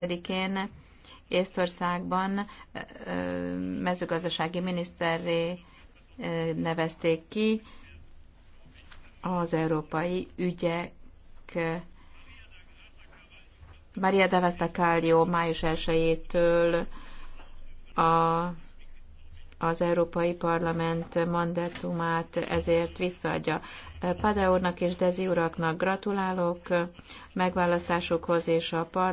7-én Észtországban mezőgazdasági miniszterré nevezték ki az európai ügyek Maria de Vestacario május 1-től a, az Európai Parlament mandátumát ezért visszaadja. úrnak és Dezi uraknak gratulálok megválasztásukhoz és a parlament